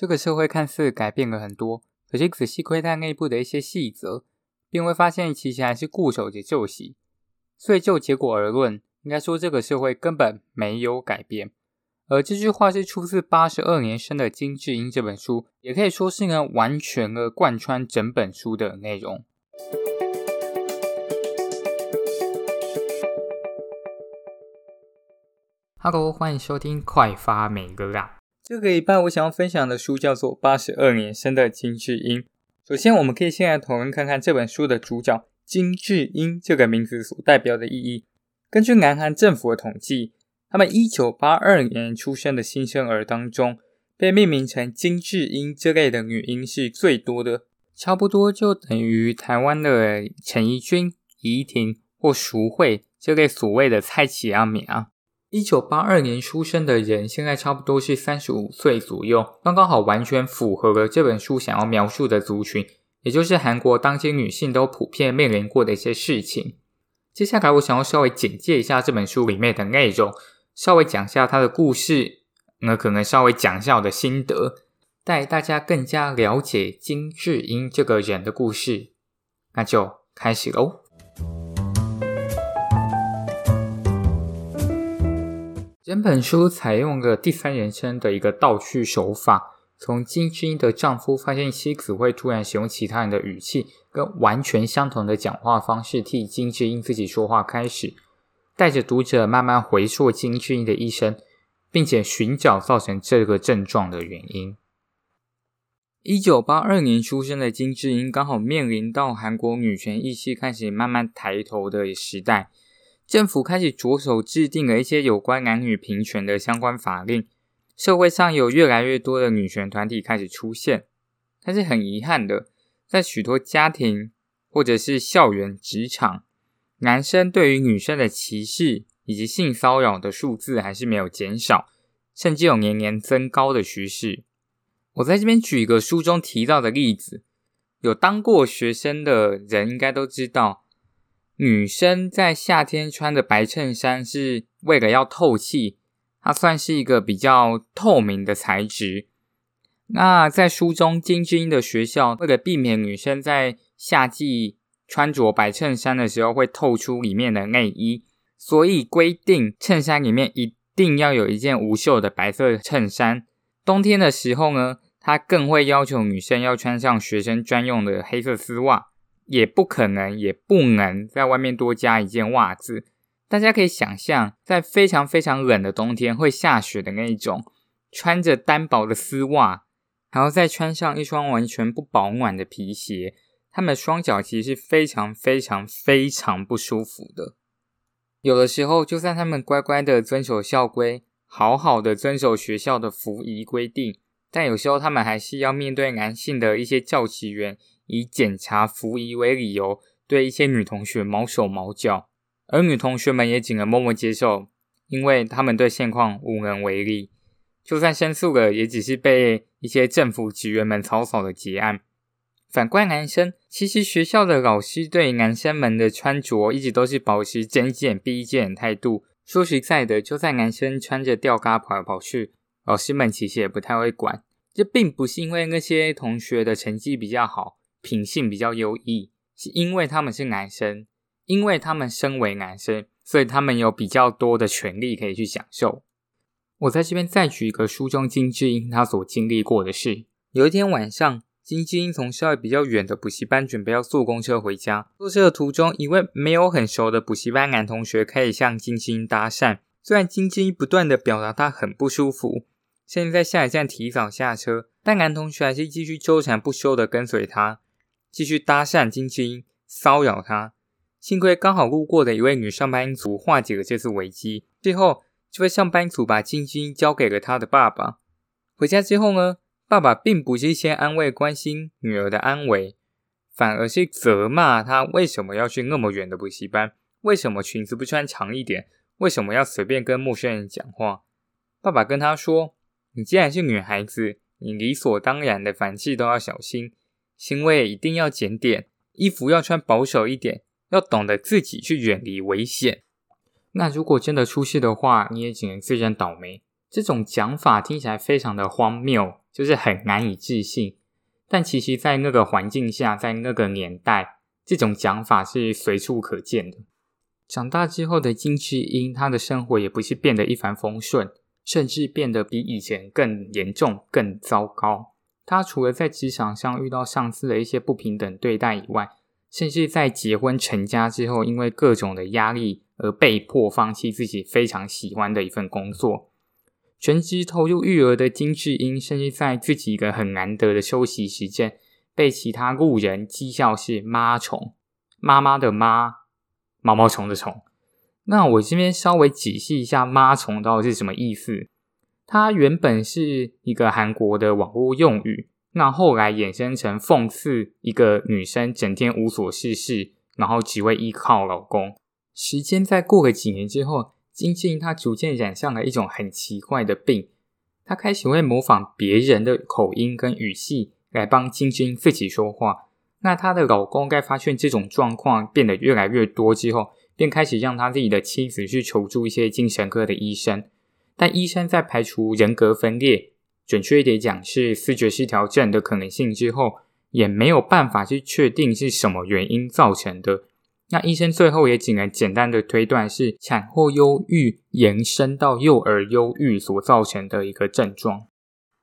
這個社會看似改變了很多，可是仔細窺探內部的一些細則，便會發現其實還是固守着舊習。所以就結果而論，應該說這個社會根本沒有改變。而這句話是出自八十二年生的金智英這本書，也可以說是呢完全的貫穿整本書的內容。Hello，歡迎收聽快發每哥啊！這個禮拜我想要分享的書叫做《八十二年生的金智英》。首先，我們可以先來討論看看這本書的主角金智英這個名字所代表的意義。根據南韓政府的統計，他們一九八二年出生的新生兒當中，被命名成金智英這類的女嬰是最多的，差不多就等於台灣的陳怡君、宜婷或淑惠這類所謂的“菜市仔名”啊。一九八二年出生的人，現在差不多是三十五歲左右，剛剛好完全符合了這本書想要描述的族群，也就是韓國當今女性都普遍面臨過的一些事情。接下來，我想要稍微簡介一下這本書裡面的內容，稍微講一下它的故事，那、嗯、可能稍微講一下我的心得，帶大家更加了解金智英這個人的故事。那就開始嘍。整本書採用了第三人稱的一個倒敘手法，從金智英的丈夫發現妻子會突然使用其他人的語氣，跟完全相同的講話方式替金智英自己說話開始，帶着讀者慢慢回溯金智英的一生，並且尋找造成這個症狀的原因。一九八二年出生的金智英剛好面臨到韓國女權意識開始慢慢抬頭的時代。政府開始着手制定了一些有關男女平權的相關法令，社會上有越來越多的女權團體開始出現。但是很遺憾的，在許多家庭或者是校園、職場，男生對於女生的歧視以及性騷擾的數字還是沒有減少，甚至有年年增高的趨勢。我在這邊舉一個書中提到的例子，有當過學生的人應該都知道。女生在夏天穿的白襯衫是為了要透氣，它算是一個比較透明的材質。那在書中，金智英的學校為了避免女生在夏季穿着白襯衫的時候會透出裡面的內衣，所以規定襯衫裡面一定要有一件無袖的白色襯衫。冬天的時候呢，它更會要求女生要穿上學生專用的黑色絲襪。也不可能，也不能在外面多加一件襪子。大家可以想象，在非常非常冷的冬天，會下雪的那一種，穿着單薄的絲襪，然後再穿上一雙完全不保暖的皮鞋，他們雙腳其實是非常非常非常不舒服的。有的時候，就算他們乖乖的遵守校規，好好的遵守學校的服儀規定，但有時候他們還是要面對男性的一些教職員。以檢查服儀為理由，對一些女同學毛手毛腳，而女同學們也只能默默接受，因為她們對現況無能為力。就算申訴了，也只是被一些政府職員們草草的結案。反觀男生，其實學校的老師對男生們的穿着一直都是保持睜一眼閉一眼的態度。說實在的，就算男生穿着吊嘎跑來跑去，老師們其實也不太會管。這並不是因為那些同學的成績比較好，品性比較優異，是因為他們是男生，因為他們身為男生，所以他們有比較多的權利可以去享受。我在這邊再舉一個書中金智英她所經歷過的事：有一天晚上，金智英從校外比較遠的補習班準備要坐公車回家，坐車的途中，一位沒有很熟的補習班男同學開始向金智英搭訕。雖然金智英不斷的表達她很不舒服，甚至在下一站提早下車，但男同學還是繼續糾纏不休的跟隨她。繼續搭訕金智英，騷擾她。幸虧剛好路過的一位女上班族化解了這次危機。最後，這位上班族把金智英交給了她的爸爸。回家之後呢，爸爸並不是先安慰、關心女兒的安危，反而是責罵她為什麼要去那麼遠的補習班，為什麼裙子不穿長一點，為什麼要隨便跟陌生人講話。爸爸跟她說：“你既然是女孩子，你理所當然的凡事都要小心。”行為一定要檢點，衣服要穿保守一點，要懂得自己去遠離危險。那如果真的出事的話，你也只能自認倒霉。這種講法聽起來非常的荒謬，就是很難以置信。但其實，在那個環境下，在那個年代，這種講法是隨處可見的。長大之後的金智英，她的生活也不是變得一帆風順，甚至變得比以前更嚴重、更糟糕。他除了在職場上遇到上司的一些不平等對待以外，甚至在結婚成家之後，因為各種的壓力而被迫放棄自己非常喜歡的一份工作。全職投入育兒的金智英，甚至在自己一個很難得的休息時間，被其他路人譏笑是“媽蟲”、“媽媽的媽”、“毛毛蟲的蟲”。那我這邊稍微解析一下“媽蟲”到底是什麼意思。她原本是一個韓國的網絡用語，那後來衍生成諷刺一個女生整天無所事事，然後只會依靠老公。時間再過個幾年之後，金智英她逐漸染上了一種很奇怪的病，她開始會模仿別人的口音跟語氣來幫智英自己說話。那她的老公該發現這種狀況變得越來越多之後，便開始讓他自己的妻子去求助一些精神科的醫生。但醫生在排除人格分裂，準確一點講是思覺失調症的可能性之後，也沒有辦法去確定是什麼原因造成的。那醫生最後也只能簡單的推斷是產後憂鬱延伸到幼兒憂鬱所造成的一個症狀。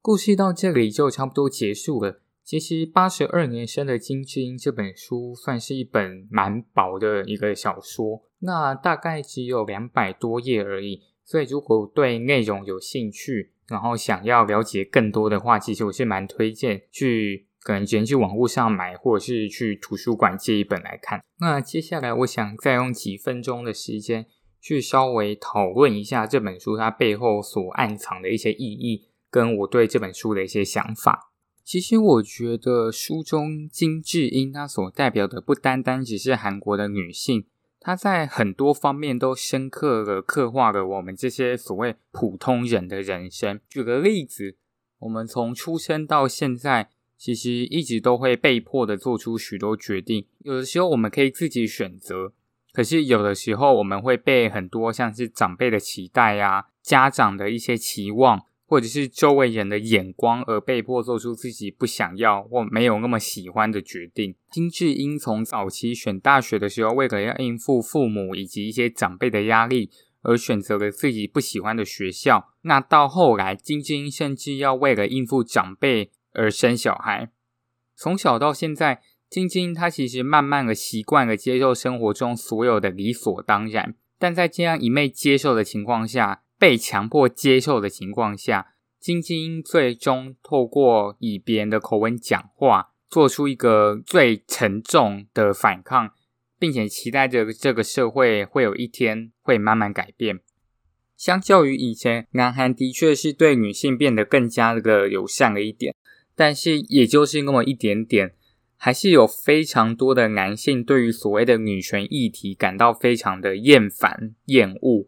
故事到這裡就差不多結束了。其實八十二年生的金智英這本書算是一本蠻薄的一個小說，那大概只有兩百多頁而已。所以，如果對內容有興趣，然後想要了解更多的話，其實我是蠻推薦去，可能直接去網絡上買，或者是去圖書館借一本來看。那接下來，我想再用幾分鐘的時間，去稍微討論一下這本書它背後所暗藏的一些意義，跟我對這本書的一些想法。其實，我覺得書中金智英她所代表的，不單單只是韓國的女性。他在很多方面都深刻的刻畫了我們這些所謂普通人的人生。舉個例子，我們從出生到現在，其實一直都會被迫的做出許多決定。有的時候我們可以自己選擇，可是有的時候我們會被很多像是長輩的期待呀、啊、家長的一些期望，或者是週圍人的眼光而被迫做出自己不想要或沒有那麼喜歡的決定。金智英從早期選大學的時候，為了要應付父母以及一些長輩的壓力，而選擇了自己不喜歡的學校。那到後來，金智英甚至要為了應付長輩而生小孩。從小到現在，金智英她其實慢慢的習慣了接受生活中所有的理所當然，但在這樣一味接受的情況下，被強迫接受的情況下，智英最終透過以別人的口吻講話，做出一個最沉重的反抗，並且期待着這個社會會有一天會慢慢改變。相較於以前，南韓的確是對女性變得更加的友善了一點，但是也就是那麼一點點，還是有非常多的男性對於所謂的女權議題感到非常的厭煩、厭惡。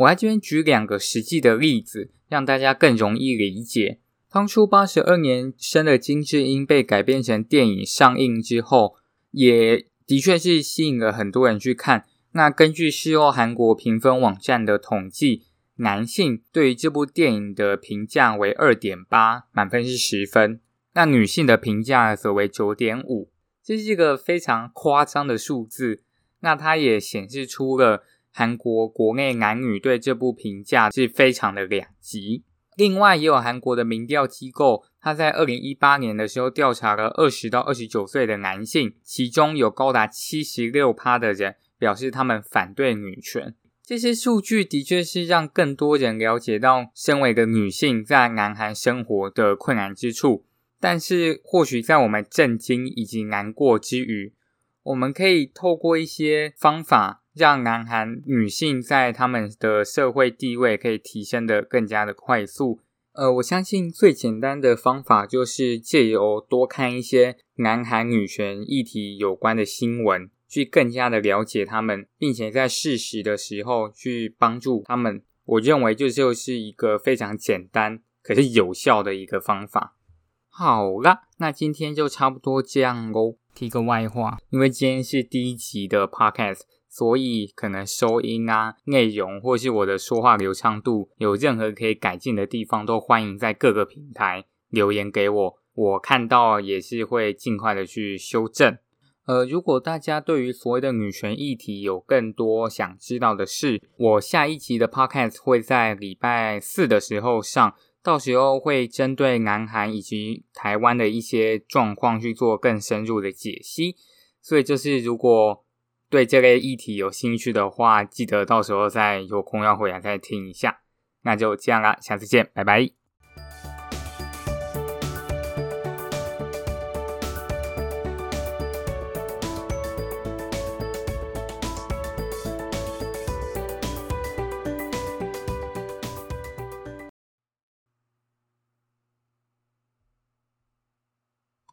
我在這邊舉兩個實際的例子，讓大家更容易理解。當初八十二年生的金智英被改編成電影上映之後，也的確是吸引了很多人去看。那根據事後韓國評分網站的統計，男性對於這部電影的評價為二點八，滿分是十分；那女性的評價則為九點五，這是一個非常誇張的數字。那它也顯示出了。韓國國內男女對這部評價是非常的兩極。另外，也有韓國的民調機構，他在二零一八年的時候調查了二十到二十九歲的男性，其中有高達七十六趴的人表示他們反對女權。這些數據的確是讓更多人了解到身為的女性在南韓生活的困難之處。但是，或許在我們震驚以及難過之餘，我們可以透過一些方法。讓南韓女性在他們的社會地位可以提升得更加的快速。呃，我相信最簡單的方法就是借由多看一些南韓女權議題有關的新聞，去更加的了解他們，並且在適時的時候去幫助他們。我認為這就是一個非常簡單可是有效的一個方法。好啦，那今天就差不多這樣嘍。提個外話，因為今天是第一集的 Podcast。所以可能收音啊、內容或是我的說話流暢度有任何可以改進的地方，都歡迎在各個平台留言給我，我看到也是會盡快的去修正。呃，如果大家對於所謂的女權議題有更多想知道的事，我下一集的 Podcast 會在禮拜四的時候上，到時候會針對南韓以及台灣的一些狀況去做更深入的解析。所以就是如果。對這類議題有興趣的話，記得到時候再有空要回來再聽一下。那就這樣啦，下次見，拜拜。